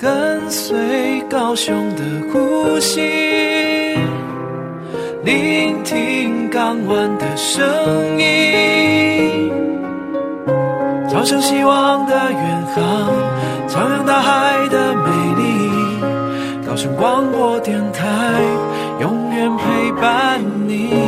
跟隨高雄的呼吸，聆聽港灣的聲音，朝向希望的遠航，徜徉大海的美麗。高雄廣播電台，永遠陪伴你。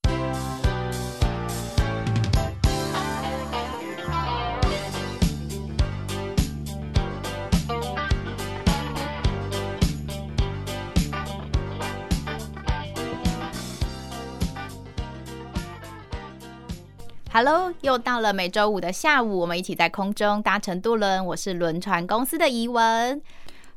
Hello，又到了每週五的下午，我們一起在空中搭乘渡輪。我是輪船公司的怡文，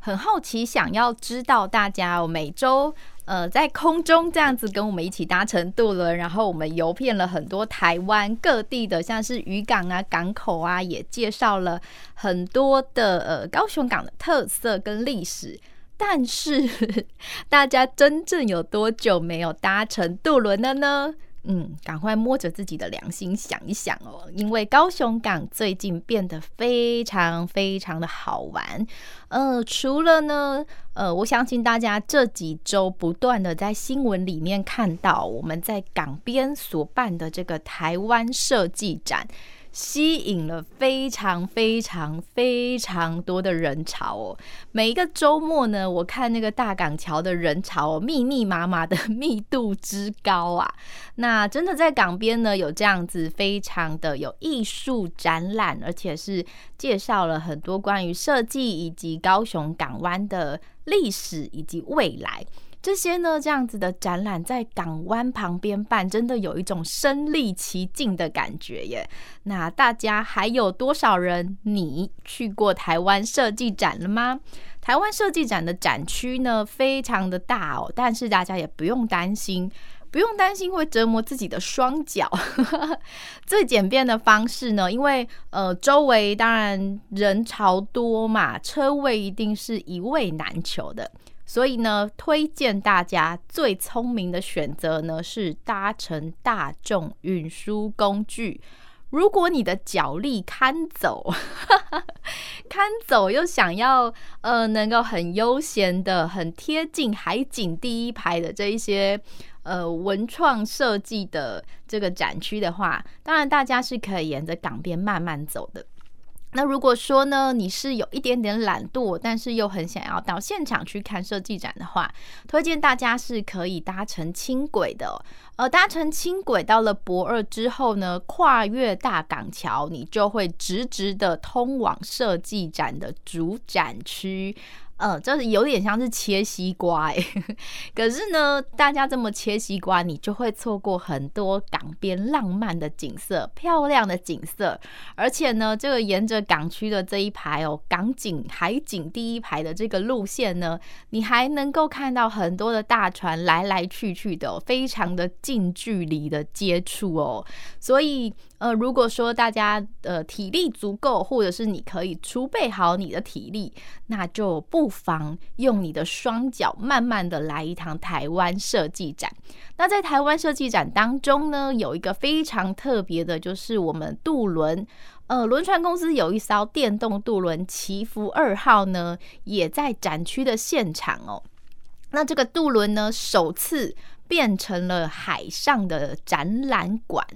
很好奇，想要知道大家每週呃在空中這樣子跟我們一起搭乘渡輪，然後我們遊遍了很多台灣各地的，像是漁港啊、港口啊，也介紹了很多的呃高雄港的特色跟歷史。但是呵呵大家真正有多久沒有搭乘渡輪了呢？嗯，趕快摸着自己的良心想一想哦，因為高雄港最近變得非常非常的好玩。呃，除了呢，呃，我相信大家這幾周不斷地在新聞裡面看到，我們在港邊所辦的這個台灣設計展。吸引了非常非常非常多的人潮哦。每一個周末呢，我看那個大港橋的人潮哦，密密麻麻的，密度之高啊！那真的在港邊呢，有這樣子非常的有藝術展覽，而且是介紹了很多關於設計以及高雄港灣的。歷史以及未來，這些呢，這樣子的展覽在港灣旁邊辦，真的有一種身歷其境的感覺耶。那大家還有多少人？你去過台灣設計展了嗎？台灣設計展的展區呢，非常的大哦，但是大家也不用擔心。不用擔心會折磨自己的雙腳。最簡便的方式呢，因為呃周圍當然人潮多嘛，車位一定是一位難求的。所以呢，推薦大家最聰明的選擇呢，是搭乘大眾運輸工具。如果你的腳力堪走， 堪走又想要呃能夠很悠閒的、很貼近海景第一排的這一些。呃，文創設計的這個展區的話，當然大家是可以沿着港邊慢慢走的。那如果說呢，你是有一點點懶惰，但是又很想要到現場去看設計展的話，推薦大家是可以搭乘輕軌的。而、呃、搭乘輕軌到了博二之後呢，跨越大港橋，你就會直直的通往設計展的主展區。嗯，就是有點像是切西瓜，欸，可是呢，大家這麼切西瓜，你就會錯過很多港邊浪漫的景色、漂亮的景色。而且呢，這個沿着港區的這一排哦，港景海景第一排的這個路線呢，你還能夠看到很多的大船來來去去的哦，非常的近距離的接觸哦，所以。呃，如果說大家呃體力足夠，或者是你可以儲備好你的體力，那就不妨用你的雙腳慢慢的來一趟台灣設計展。那在台灣設計展當中呢，有一個非常特別的，就是我們渡輪，呃，輪船公司有一艘電動渡輪“祈福二號”呢，也在展區的現場哦。那這個渡輪呢，首次變成了海上的展覽館。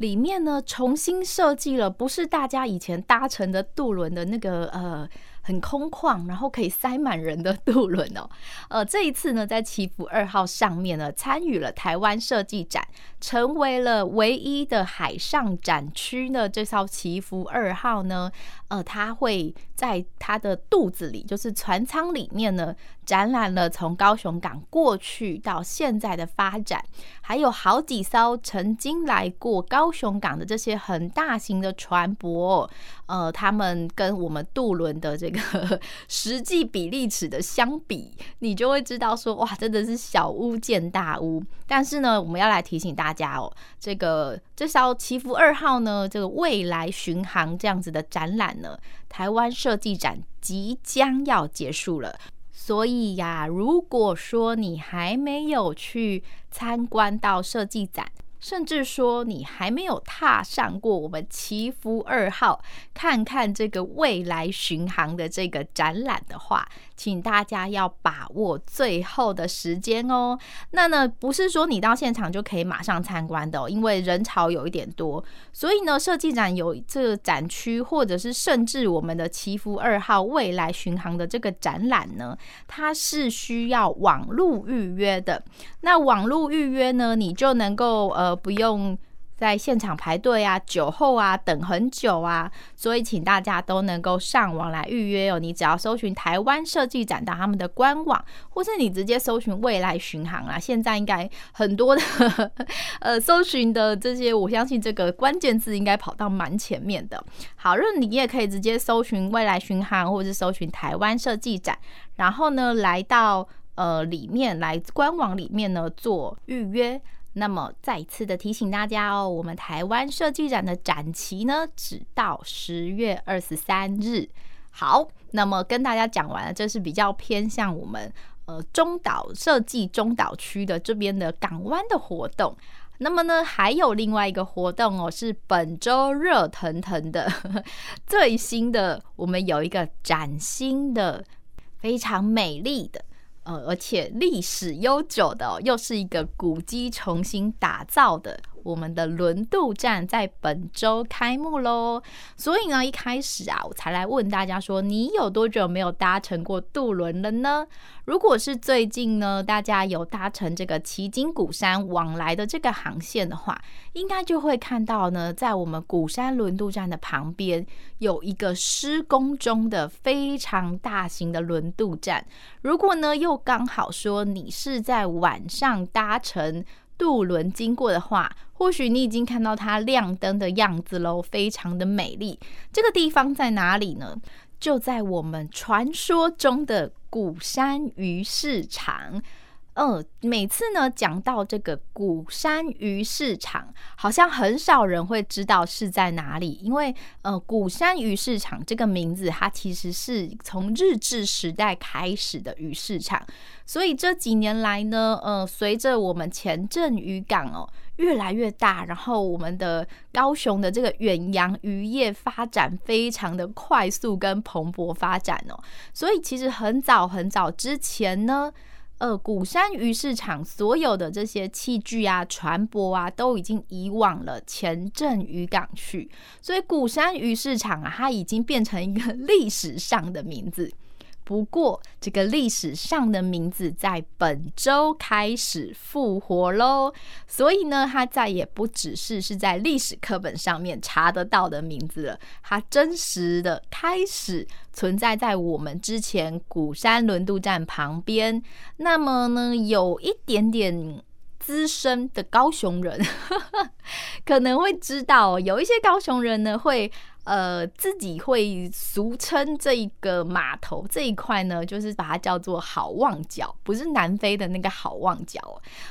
裡面呢，重新設計了，不是大家以前搭乘的渡輪的那個呃，很空曠，然後可以塞滿人的渡輪哦、喔。呃，這一次呢，在祈福二號上面呢，參與了台灣設計展，成為了唯一的海上展區呢。這艘祈福二號呢。呃，他會在他的肚子裡，就是船艙裡面呢，展覽了從高雄港過去到現在的發展，還有好幾艘曾經來過高雄港的這些很大型的船舶，呃，他們跟我們渡輪的這個實際比例尺的相比，你就會知道說，哇，真的是小巫見大巫。但是呢，我們要來提醒大家哦，這個。至少祈福二號呢，這個未來巡航這樣子的展覽呢，台灣設計展即將要結束了，所以呀、啊，如果說你還沒有去參觀到設計展。甚至說你還沒有踏上過我們旗福二號，看看這個未來巡航的這個展覽的話，請大家要把握最後的時間哦。那呢，不是說你到現場就可以馬上參觀的哦，因為人潮有一點多，所以呢，設計展有這個展區，或者是甚至我們的旗福二號未來巡航的這個展覽呢，它是需要網路預約的。那網路預約呢，你就能夠呃。不用在現場排隊啊，酒後啊，等很久啊，所以請大家都能夠上網來預約哦。你只要搜尋台灣設計展到他們的官網，或是你直接搜尋未來巡航啊。現在應該很多的 呃搜尋的這些，我相信這個關鍵字應該跑到蠻前面的。好，如果你也可以直接搜尋未來巡航，或是搜尋台灣設計展，然後呢，來到呃裡面來官網裡面呢做預約。那麼，再次的提醒大家哦，我們台灣設計展的展期呢，只到十月二十三日。好，那麼跟大家講完了，這是比較偏向我們呃中島設計中島區的這邊的港灣的活動。那麼呢，還有另外一個活動哦，是本周熱騰騰的，呵呵，最新的，我們有一個嶄新的、非常美麗的。呃，而且歷史悠久的哦，又是一個古蹟重新打造的。我們的輪渡站在本周開幕嘍，所以呢，一開始啊，我才來問大家說，你有多久沒有搭乘過渡輪了呢？如果是最近呢，大家有搭乘這個旗津鼓山往來的這個航線的話，應該就會看到呢，在我們鼓山輪渡站的旁邊有一個施工中的非常大型的輪渡站。如果呢，又剛好說你是在晚上搭乘渡輪經過的話，或許你已經看到它亮燈的樣子嘍，非常的美麗。這個地方在哪裡呢？就在我們傳說中的鼓山魚市場。嗯、呃，每次呢講到這個鼓山魚市場，好像很少人會知道是在哪裡，因為呃，鼓山魚市場這個名字，它其實是從日治時代開始的魚市場，所以這幾年來呢，呃，隨着我們前鎮漁港哦。越來越大，然後我們的高雄的這個遠洋漁業發展非常的快速跟蓬勃發展哦，所以其實很早很早之前呢，呃，鼓山魚市場所有的這些器具啊、船舶啊，都已經移往了前鎮漁港去，所以鼓山魚市場啊，它已經變成一個歷史上的名字。不過，這個歷史上的名字在本周開始復活嘍，所以呢，它再也不只是是在歷史課本上面查得到的名字了，它真實的開始存在在我們之前鼓山輪渡站旁邊。那麼呢，有一點點資深的高雄人呵呵可能會知道哦，有一些高雄人呢會。呃，自己會俗稱這一個碼頭這一塊呢，就是把它叫做“好望角”，不是南非的那個好望角。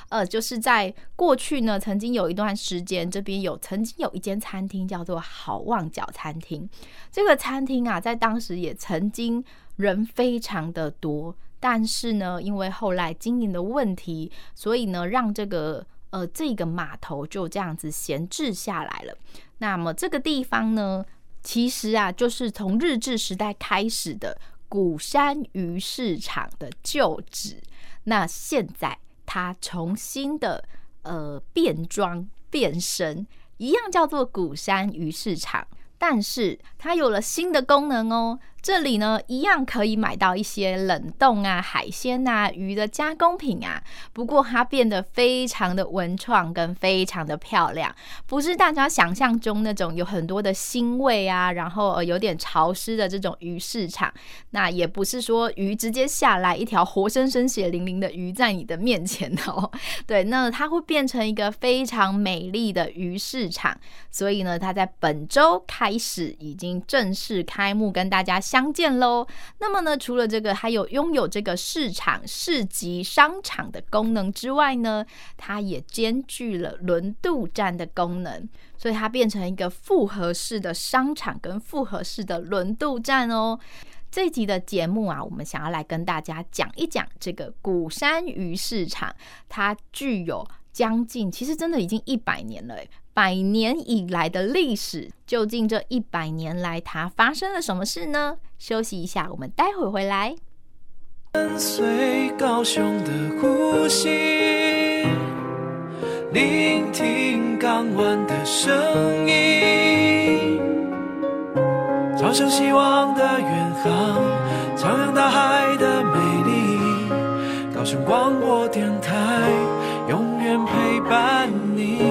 呃，就是在過去呢，曾經有一段時間，這邊有曾經有一間餐廳叫做“好望角餐廳”。這個餐廳啊，在當時也曾經人非常的多，但是呢，因為後來經營的問題，所以呢，讓這個呃這個碼頭就這樣子閒置下來了。那麼這個地方呢，其實啊，就是從日治時代開始的鼓山魚市場的舊址。那現在它重新的呃變裝變身，一樣叫做鼓山魚市場，但是它有了新的功能哦。這裡呢，一樣可以買到一些冷凍啊、海鮮啊、魚的加工品啊。不過它變得非常的文創，跟非常的漂亮，不是大家想象中那種有很多的腥味啊，然後、呃、有點潮濕的這種魚市場。那也不是說魚直接下來一條活生生、血淋淋的魚在你的面前哦。對，那它會變成一個非常美麗的魚市場。所以呢，它在本周開始已經正式開幕，跟大家。相見嘍。那麼呢，除了這個，還有擁有這個市場、市集、商場的功能之外呢，它也兼具了輪渡站的功能，所以它變成一個複合式的商場跟複合式的輪渡站哦。這集的節目啊，我們想要來跟大家講一講這個鼓山魚市場，它具有將近，其實真的已經一百年了。百年以來的歷史，究竟這一百年來它發生了什麼事呢？休息一下，我們待會回來。跟隨高雄的呼吸，聆聽港灣的聲音，朝向希望的遠航，徜徉大海的美麗。高雄廣播電台，永遠陪伴你。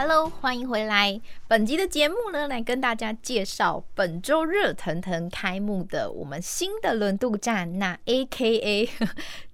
Hello，歡迎回來。本集的節目呢，來跟大家介紹本周熱騰騰開幕的我們新的輪渡站，那 AKA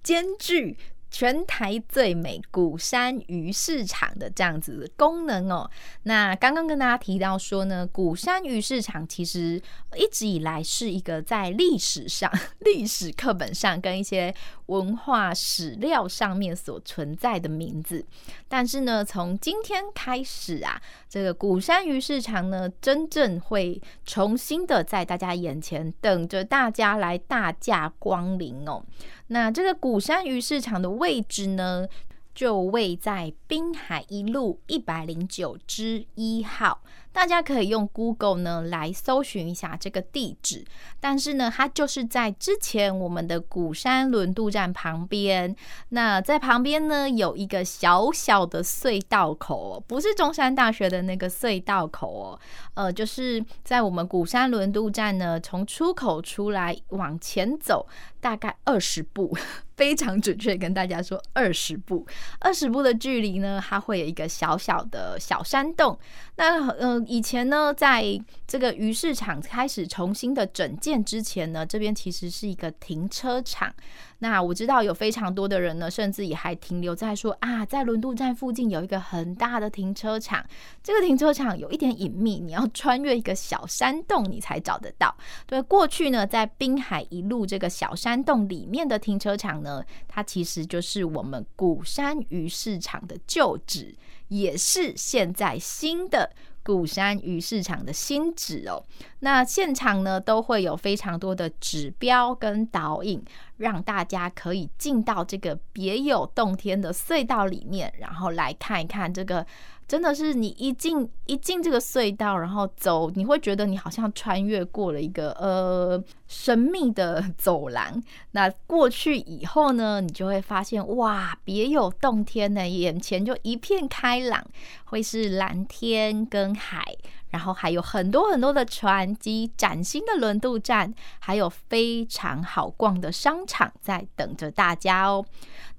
間距。全台最美鼓山魚市場的這樣子的功能哦，那剛剛跟大家提到說呢，鼓山魚市場其實一直以來是一個在歷史上、歷史課本上跟一些文化史料上面所存在的名字，但是呢，從今天開始啊，這個鼓山魚市場呢，真正會重新的在大家眼前等着大家來大駕光臨哦。那這個鼓山魚市場的位置呢，就位在濱海一路一百零九之一號。大家可以用 Google 呢來搜尋一下這個地址，但是呢，它就是在之前我們的鼓山輪渡站旁邊。那在旁邊呢，有一個小小的隧道口哦，不是中山大學的那個隧道口哦。呃，就是在我們鼓山輪渡站呢，從出口出來往前走大概二十步，非常準確跟大家說二十步，二十步的距離呢，它會有一個小小的小山洞。那呃……以前呢，在這個魚市場開始重新的整建之前呢，這邊其實是一個停車場。那我知道有非常多的人呢，甚至也還停留在說啊，在輪渡站附近有一個很大的停車場。這個停車場有一點隱秘，你要穿越一個小山洞，你才找得到。對，過去呢，在濱海一路這個小山洞裡面的停車場呢，它其實就是我們鼓山魚市場的舊址，也是現在新的。鼓山魚市場的新址哦。那現場呢，都會有非常多的指標跟導引，讓大家可以進到這個別有洞天的隧道裡面，然後來看一看這個。真的是你一進一進這個隧道，然後走，你會覺得你好像穿越過了一個呃神秘的走廊。那過去以後呢，你就會發現哇，別有洞天的，眼前就一片開朗，會是藍天跟海。然後還有很多很多的船及嶄新的輪渡站，還有非常好逛的商場在等着大家哦。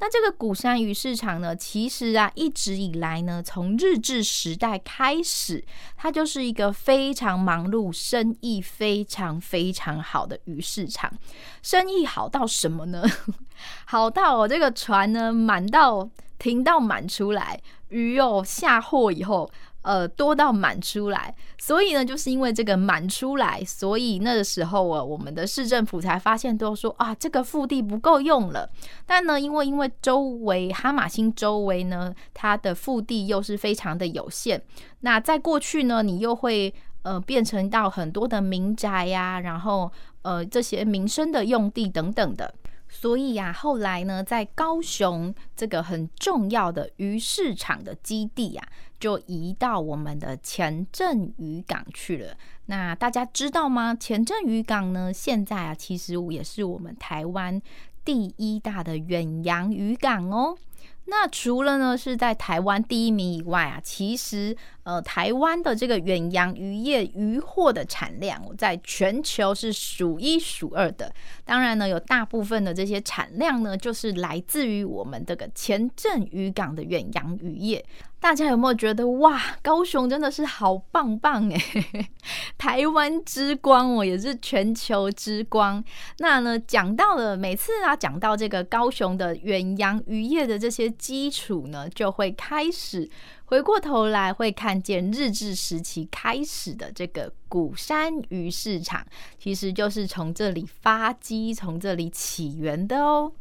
那這個鼓山魚市場呢，其實啊，一直以來呢，從日治時代開始，它就是一個非常忙碌、生意非常非常好的魚市場。生意好到什麼呢？好到我、哦、這個船呢滿到停到滿出來，魚又、哦、下貨以後。呃，多到滿出來，所以呢，就是因為這個滿出來，所以那個時候啊，我們的市政府才發現，都說啊，這個腹地不夠用了。但呢，因為因為周圍哈馬星周圍呢，它的腹地又是非常的有限。那在過去呢，你又會呃變成到很多的民宅呀、啊，然後呃這些民生的用地等等的。所以呀、啊，後來呢，在高雄這個很重要的魚市場的基地啊，就移到我們的前鎮漁港去了。那大家知道嗎？前鎮漁港呢，現在啊，其實也是我們台灣第一大的遠洋漁港哦。那除了呢，是在台灣第一名以外啊，其實，呃，台灣的這個遠洋漁業漁獲的產量在全球是數一數二的。當然呢，有大部分的這些產量呢，就是來自於我們這個前鎮漁港的遠洋漁業。大家有沒有覺得哇，高雄真的是好棒棒哎，台灣之光哦，我也是全球之光。那呢，講到了每次啊，講到這個高雄的遠洋漁業的這些基礎呢，就會開始回過頭來會看見日治時期開始的這個鼓山魚市場，其實就是從這裡發跡，從這裡起源的哦。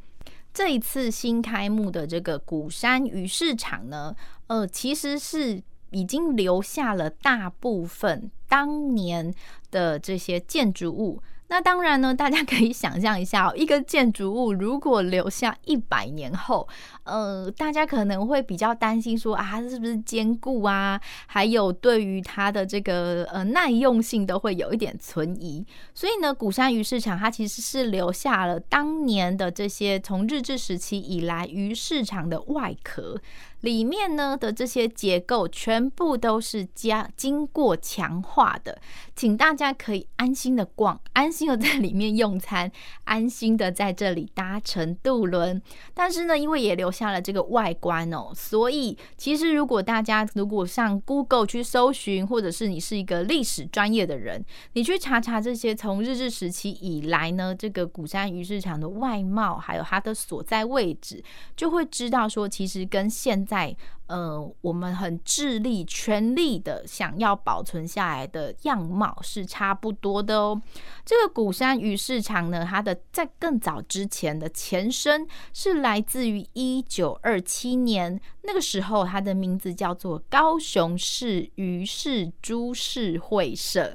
這一次新開幕的這個鼓山魚市場呢，呃，其實是已經留下了大部分當年的這些建築物。那當然呢，大家可以想象一下哦，一個建築物如果留下一百年後，呃，大家可能會比較擔心說啊，它是不是堅固啊？還有對於它的這個呃耐用性都會有一點存疑。所以呢，鼓山魚市場它其實是留下了當年的這些從日治時期以來魚市場的外殼。裡面呢的這些結構全部都是加經過強化的，請大家可以安心的逛，安心的在裡面用餐，安心的在這裡搭乘渡輪。但是呢，因為也留下了這個外觀哦、喔，所以其實如果大家如果上 Google 去搜尋，或者是你是一個歷史專業的人，你去查查這些從日治時期以來呢，這個鼓山魚市場的外貌，還有它的所在位置，就會知道說，其實跟現在呃，我們很致力、全力的想要保存下來的樣貌是差不多的哦。這個鼓山魚市場呢，它的在更早之前的前身是來自於一九二七年，那個時候它的名字叫做高雄市魚市株式會社，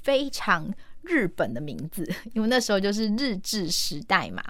非常日本的名字，因為那時候就是日治時代嘛。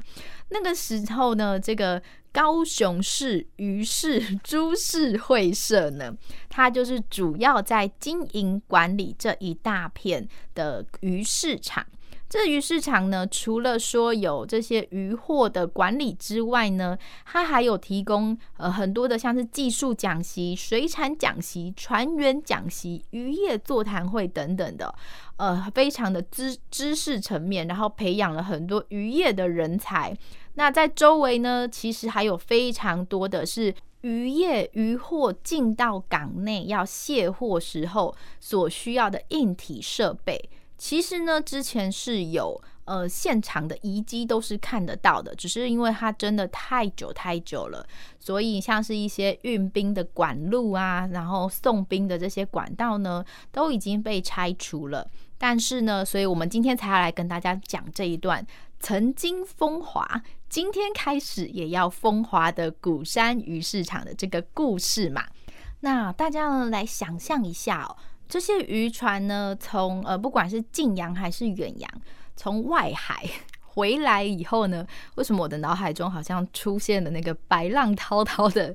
那個時候呢，這個。高雄市魚市株式會社呢，它就是主要在經營管理這一大片的魚市場。這魚市場呢，除了說有這些漁獲的管理之外呢，它還有提供呃很多的像是技術講習、水產講習、船員講習、漁業座談會等等的，呃，非常的知知識層面，然後培養了很多漁業的人才。那在周圍呢，其實還有非常多的是漁業漁獲進到港內要卸貨時候所需要的硬體設備。其實呢，之前是有呃現場的遺跡都是看得到的，只是因為它真的太久太久了，所以像是一些運冰的管路啊，然後送冰的這些管道呢，都已經被拆除了。但是呢，所以我們今天才要來跟大家講這一段曾經風華，今天開始也要風華的鼓山魚市場的這個故事嘛。那大家呢，來想象一下哦。這些漁船呢，從呃，不管是近洋還是遠洋，從外海回來以後呢，為什麼我的腦海中好像出現了那個白浪滔滔的？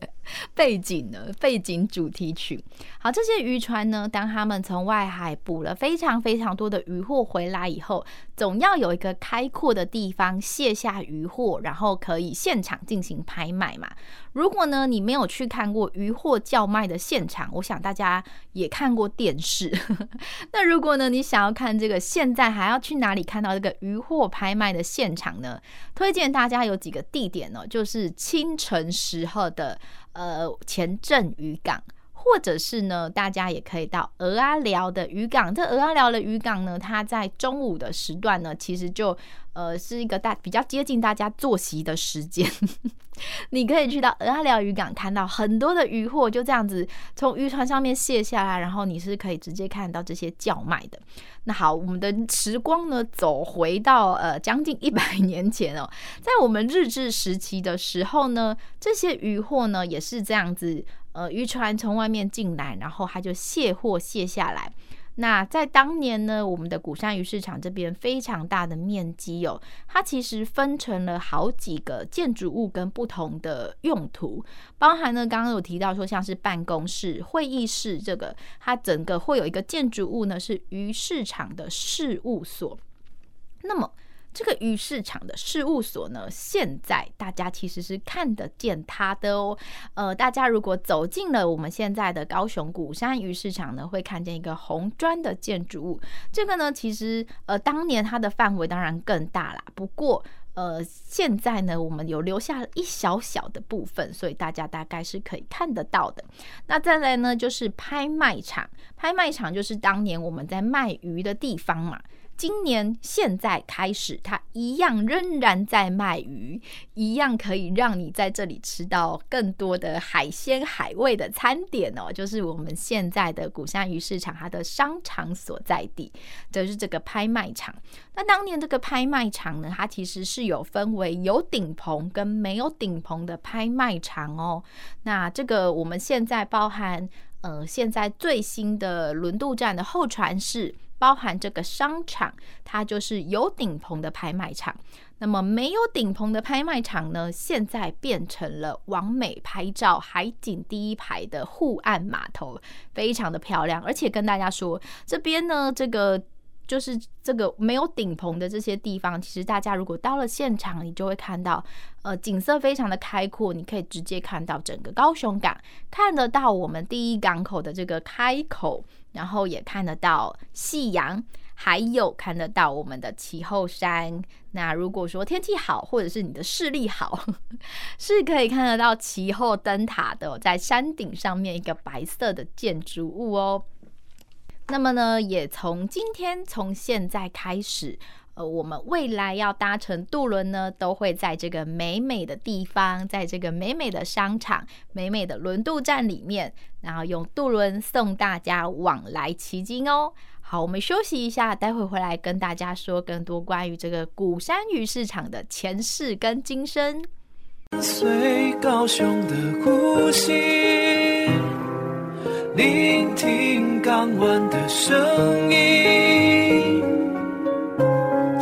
背景呢？背景主題曲。好，這些漁船呢，當他們從外海捕了非常非常多的漁貨回來以後，總要有一個開闊的地方卸下漁貨，然後可以現場進行拍賣嘛。如果呢，你沒有去看過漁貨叫賣的現場，我想大家也看過電視。 那如果呢，你想要看這個，現在還要去哪裡看到這個漁貨拍賣的現場呢？推薦大家有幾個地點呢，哦，就是清晨時候的。呃，前鎮漁港。或者是呢，大家也可以到蚵仔寮的漁港。這蚵仔寮的漁港呢，它在中午的時段呢，其實就呃是一個大，比較接近大家作息的時間。 你可以去到蚵仔寮漁港，看到很多的漁獲就這樣子從漁船上面卸下來，然後你是可以直接看到這些叫賣的。那好，我們的時光呢，走回到呃將近一百年前哦，在我們日治時期的時候呢，這些漁獲呢也是這樣子。呃，漁船從外面進來，然後它就卸貨卸下來。那在當年呢，我們的鼓山魚市場這邊非常大的面積哦，它其實分成了好幾個建築物跟不同的用途，包含呢，剛剛有提到說像是辦公室、會議室，這個它整個會有一個建築物呢，是魚市場的事務所。那麼。這個魚市場的事務所呢，現在大家其實是看得見它的哦。呃，大家如果走進了我們現在的高雄鼓山魚市場呢，會看見一個紅磚的建築物。這個呢，其實呃，當年它的範圍當然更大啦。不過呃，現在呢，我們有留下了一小小的部分，所以大家大概是可以看得到的。那再來呢，就是拍賣場。拍賣場就是當年我們在賣魚的地方嘛。今年現在開始，它一樣仍然在賣魚，一樣可以讓你在這裡吃到更多的海鮮海味的餐點哦。就是我們現在的鼓山魚市場，它的商場所在地就是這個拍賣場。那當年這個拍賣場呢，它其實是有分為有頂棚跟沒有頂棚的拍賣場哦。那這個我們現在包含，呃，現在最新的輪渡站的候船室。包含這個商場，它就是有頂棚的拍賣場。那麼沒有頂棚的拍賣場呢？現在變成了完美拍照、海景第一排的護岸碼頭，非常的漂亮。而且跟大家說，這邊呢，這個就是這個沒有頂棚的這些地方，其實大家如果到了現場，你就會看到，呃，景色非常的開闊，你可以直接看到整個高雄港，看得到我們第一港口的這個開口。然後也看得到夕陽，還有看得到我們的旗後山。那如果說天氣好，或者是你的視力好， 是可以看得到旗後燈塔的，在山頂上面一個白色的建築物哦。那麼呢，也從今天，從現在開始。呃，我們未來要搭乘渡輪呢，都會在這個美美的地方，在這個美美的商場、美美的輪渡站裡面，然後用渡輪送大家往來旗津哦。好，我們休息一下，待會回來跟大家說更多關於這個鼓山魚市場的前世跟今生。跟隨高雄的呼吸，聆聽港灣的聲音。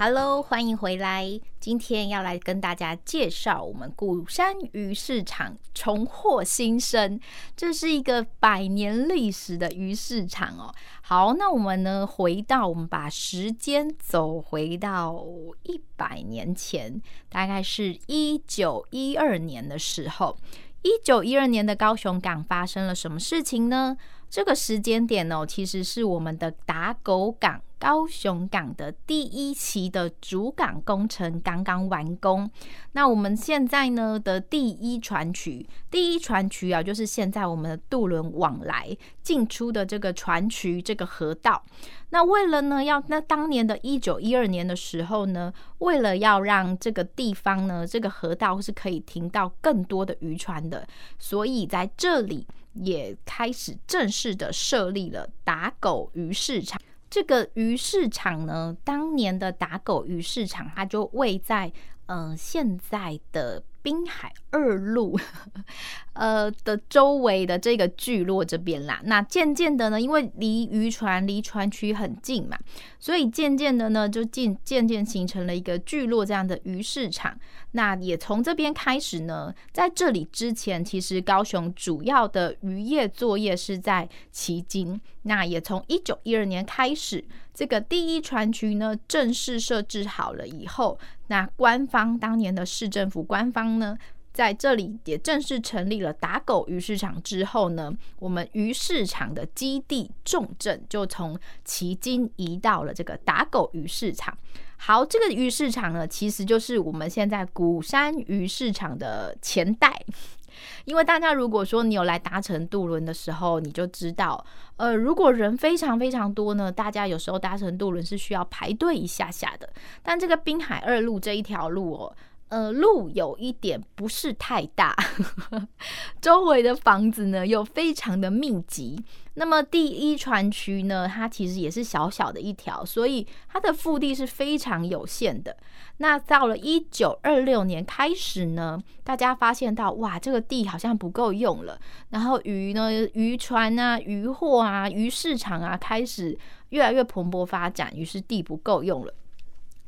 Hello，歡迎回來。今天要來跟大家介紹我們鼓山魚市場重獲新生。這是一個百年歷史的魚市場哦。好，那我們呢，回到我們把時間走回到一百年前，大概是一九一二年的時候。一九一二年的高雄港發生了什麼事情呢？這個時間點呢、哦，其實是我們的打狗港、高雄港的第一期的主港工程剛剛完工。那我們現在呢的第一船渠，第一船渠啊，就是現在我們的渡輪往來進出的這個船渠、這個河道。那為了呢，要那當年的一九一二年的時候呢，為了要讓這個地方呢，這個河道是可以停到更多的漁船的，所以在這裡。也開始正式的設立了打狗魚市場。這個魚市場呢，當年的打狗魚市場，它就位在嗯，呃，現在的。濱海二路，呵呵呃的周圍的這個聚落這邊啦，那漸漸的呢，因為離漁船離船區很近嘛，所以漸漸的呢就漸漸漸形成了一個聚落這樣的魚市場。那也從這邊開始呢，在這裡之前，其實高雄主要的漁業作業是在旗津。那也從一九一二年開始，這個第一船區呢正式設置好了以後，那官方當年的市政府官方，呢，在這裡也正式成立了打狗魚市場，之後呢，我們魚市場的基地重鎮就從旗津移到了這個打狗魚市場。好，這個魚市場呢，其實就是我們現在鼓山魚市場的前代。因為大家如果說你有來搭乘渡輪的時候，你就知道，呃，如果人非常非常多呢，大家有時候搭乘渡輪是需要排隊一下下的。但這個濱海二路這一條路哦。呃，路有一點不是太大，呵呵周圍的房子呢又非常的密集。那麼第一船渠呢，它其實也是小小的一條，所以它的腹地是非常有限的。那到了一九二六年開始呢，大家發現到哇，這個地好像不夠用了。然後魚呢，漁船啊，漁貨啊，魚市場啊，開始越來越蓬勃發展，於是地不夠用了。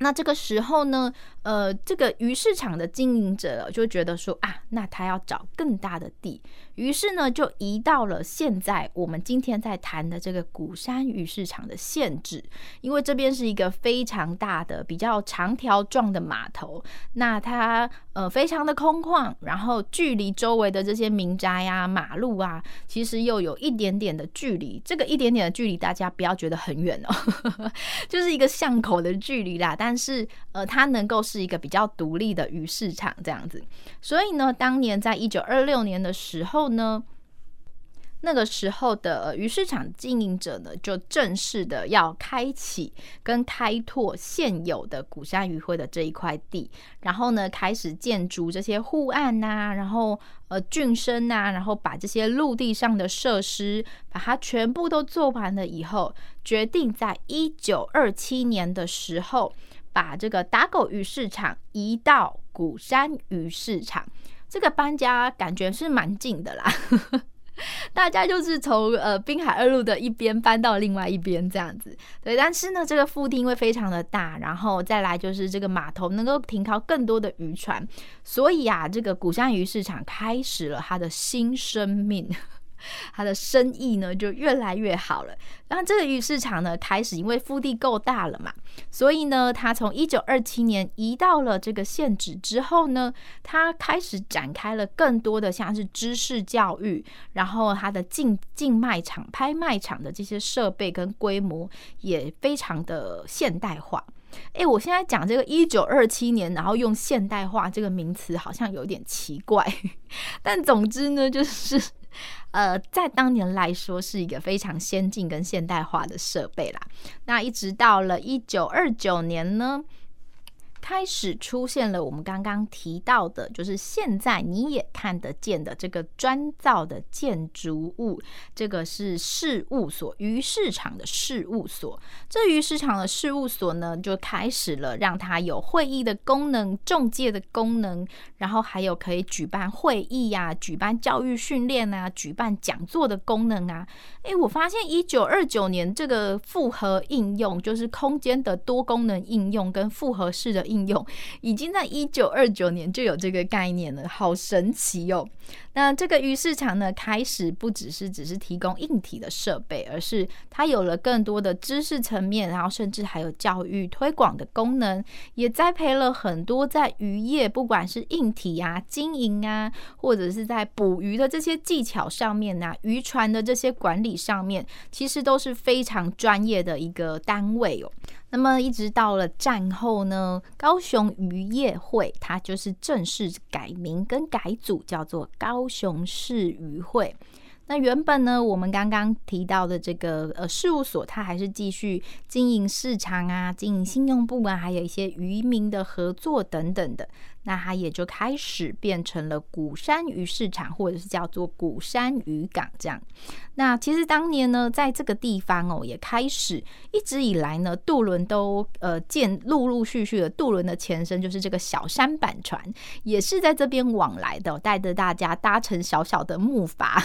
那這個時候呢，呃，這個魚市場的經營者就覺得說啊，那他要找更大的地，於是呢，就移到了現在我們今天在談的這個鼓山魚市場的限制，因為這邊是一個非常大的、比較長條狀的碼頭，那它呃非常的空曠，然後距離周圍的這些民宅呀、啊、馬路啊，其實又有一點點的距離，這個一點點的距離大家不要覺得很遠哦，呵呵就是一個巷口的距離啦，但。但是，呃，它能夠是一個比較獨立的魚市場這樣子。所以呢，當年在一九二六年的時候呢，那個時候的、呃、魚市場經營者呢，就正式的要開啟跟開拓現有的鼓山漁會的這一塊地，然後呢，開始建築這些護岸吶、啊，然後呃浚深吶，然後把這些陸地上的設施把它全部都做完了以後，決定在一九二七年的時候，把這個打狗魚市場移到鼓山魚市場，這個搬家感覺是蠻近的啦。呵呵，大家就是從呃濱海二路的一邊搬到另外一邊這樣子，對。但是呢，這個腹地因為非常的大，然後再來就是這個碼頭能夠停靠更多的漁船，所以啊，這個鼓山魚市場開始了它的新生命。他的生意呢，就越來越好了。那這個魚市場呢開始，因為腹地夠大了嘛，所以呢，他從一九二七年移到了這個現址之後呢，他開始展開了更多的像是知識教育，然後他的進進賣場、拍賣場的這些設備跟規模也非常的現代化。誒，我現在講這個一九二七年，然後用現代化這個名詞，好像有點奇怪，但總之呢，就是。呃，在當年來說是一個非常先進跟現代化的設備啦。那一直到了一九二九年呢。開始出現了我們剛剛提到的，就是現在你也看得見的這個磚造的建築物，這個是事務所，魚市場的事務所。這魚市場的事務所呢，就開始了讓它有會議的功能、中介的功能，然後還有可以舉辦會議呀、啊、舉辦教育訓練啊、舉辦講座的功能啊。誒，我發現一九二九年這個複合應用，就是空間的多功能應用跟複合式的。應用已經在一九二九年就有這個概念了，好神奇喲！那這個魚市場呢，開始不只是只是提供硬體的設備，而是它有了更多的知識層面，然後甚至還有教育推廣的功能，也栽培了很多在漁業，不管是硬體啊、經營啊，或者是在捕魚的這些技巧上面啊，漁船的這些管理上面，其實都是非常專業的一個單位哦。那麼一直到了戰後呢，高雄漁業會它就是正式改名跟改組，叫做高。高雄市漁會，那原本呢，我們剛剛提到的這個呃事務所，它還是繼續經營市場啊，經營信用部啊，還有一些漁民的合作等等的。那它也就開始變成了鼓山魚市場，或者是叫做鼓山漁港這樣。那其實當年呢，在這個地方哦、喔，也開始一直以來呢，渡輪都呃建陸陸續續的渡輪的前身就是這個小舢板船，也是在這邊往來的、喔，帶着大家搭乘小小的木筏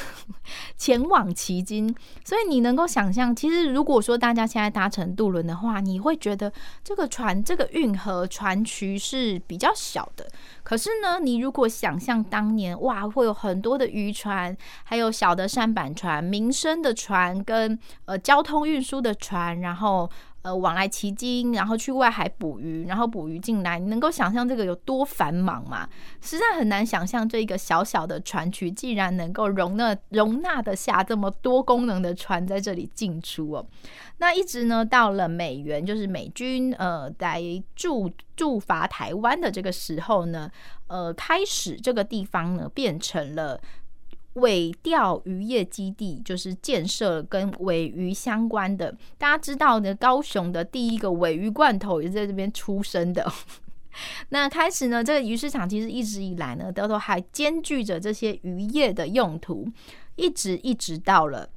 前往旗津。所以你能夠想象，其實如果說大家現在搭乘渡輪的話，你會覺得這個船、這個運河船渠是比較小的。可是呢，你如果想象當年，哇，會有很多的漁船，還有小的舢板船，民生的船跟呃交通運輸的船，然後。呃，往來旗津，然後去外海捕魚，然後捕魚進來，你能夠想象這個有多繁忙嗎？實在很難想象這一個小小的船區，竟然能夠容納容納得下這麼多功能的船在這裡進出哦。那一直呢，到了美援就是美軍呃在駐駐防台灣的這個時候呢，呃，開始這個地方呢變成了。尾釣漁業基地就是建設跟鮪魚，魚相關的。大家知道呢，高雄的第一個鮪魚，魚罐頭也是在這邊出生的。 那開始呢，這個魚市場其實一直以來呢，都，都還兼具着這些漁業的用途，一直一直到了。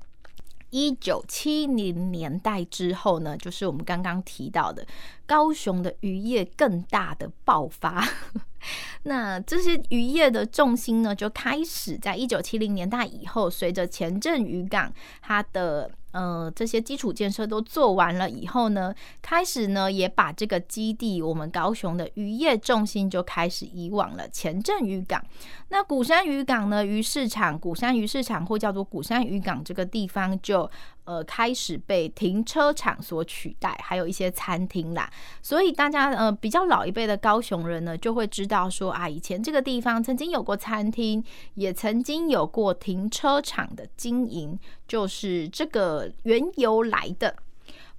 一九七零年代之後呢，就是我們剛剛提到的高雄的漁業更大的爆發。 那這些漁業的重心呢，就開始在一九七零年代以後，隨着前鎮漁港它的呃，這些基礎建設都做完了以後呢，開始呢也把這個基地，我們高雄的漁業重心就開始移往了前鎮漁港。那鼓山漁港呢，漁市場、鼓山漁市場或叫做鼓山漁港這個地方就。呃，開始被停車場所取代，還有一些餐廳啦，所以大家呃比較老一輩的高雄人呢，就會知道說啊，以前這個地方曾經有過餐廳，也曾經有過停車場的經營，就是這個緣由來的。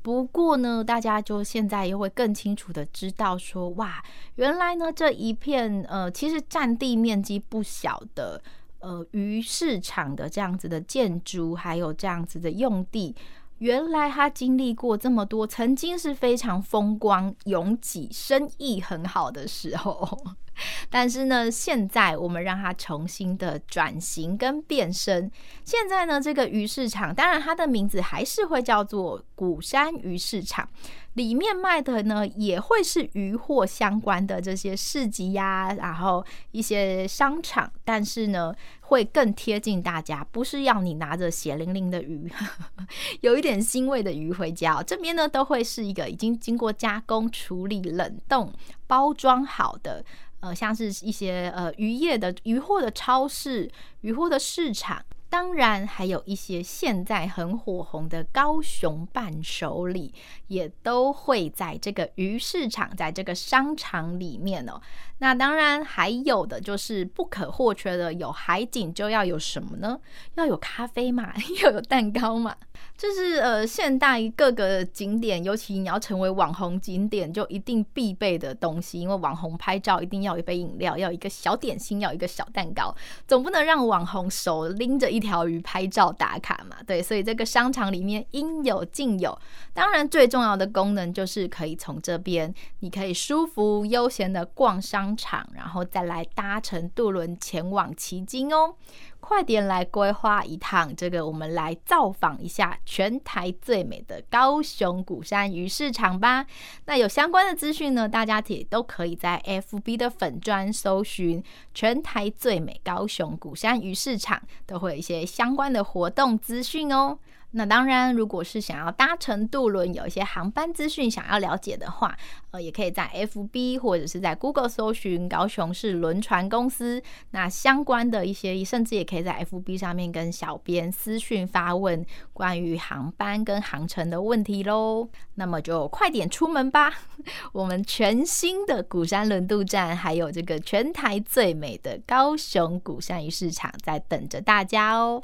不過呢，大家就現在又會更清楚的知道說，哇，原來呢這一片呃其實占地面積不小的。呃，魚市場的這樣子的建築，還有這樣子的用地，原來他經歷過這麼多，曾經是非常風光、擁擠、生意很好的時候。但是呢，現在我們讓它重新的轉型跟變身。現在呢，這個魚市場，當然它的名字還是會叫做鼓山魚市場，裡面賣的呢也會是魚貨相關的這些市集呀、啊，然後一些商場，但是呢會更貼近大家，不是要你拿着血淋淋的魚， 有一點腥味的魚回家、哦，這邊呢都會是一個已經經過加工、處理、冷凍、包裝好的。呃，像是一些呃漁業的、漁獲的超市、漁獲的市場。當然，還有一些現在很火紅的高雄伴手禮，也都會在這個魚市場，在這個商場裡面哦。那當然還有的就是不可或缺的，有海景就要有什麼呢？要有咖啡嘛，要有蛋糕嘛。就是呃，現代各個景點，尤其你要成為網紅景點，就一定必備的東西，因為網紅拍照一定要有一杯飲料，要一個小點心，要一個小蛋糕，總不能讓網紅手拎着一。一條魚拍照打卡嘛，對，所以這個商場裡面應有盡有。當然，最重要的功能就是可以從這邊，你可以舒服悠閒的逛商場，然後再來搭乘渡輪前往旗津哦。快點來規劃一趟，這個我們來造訪一下全台最美的高雄鼓山魚市場吧。那有相關的資訊呢，大家也都可以在 FB 的粉專搜尋“全台最美高雄鼓山魚市場”，都會有一些相關的活動資訊哦。那當然，如果是想要搭乘渡輪，有一些航班資訊想要了解的話，呃，也可以在 FB 或者是在 Google 搜尋高雄市輪船公司。那相關的一些，甚至也可以在 FB 上面跟小編私訊發問關於航班跟航程的問題嘍。那麼就快點出門吧！ 我們全新的鼓山輪渡站，還有這個全台最美的高雄鼓山魚市場，在等着大家哦。